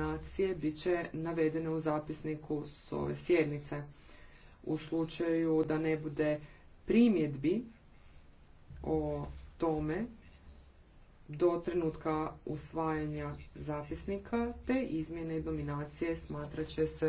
nominacije bit će navedene u zapisniku s ove sjednice. U slučaju da ne bude primjedbi o tome do trenutka usvajanja zapisnika te izmjene dominacije smatraće se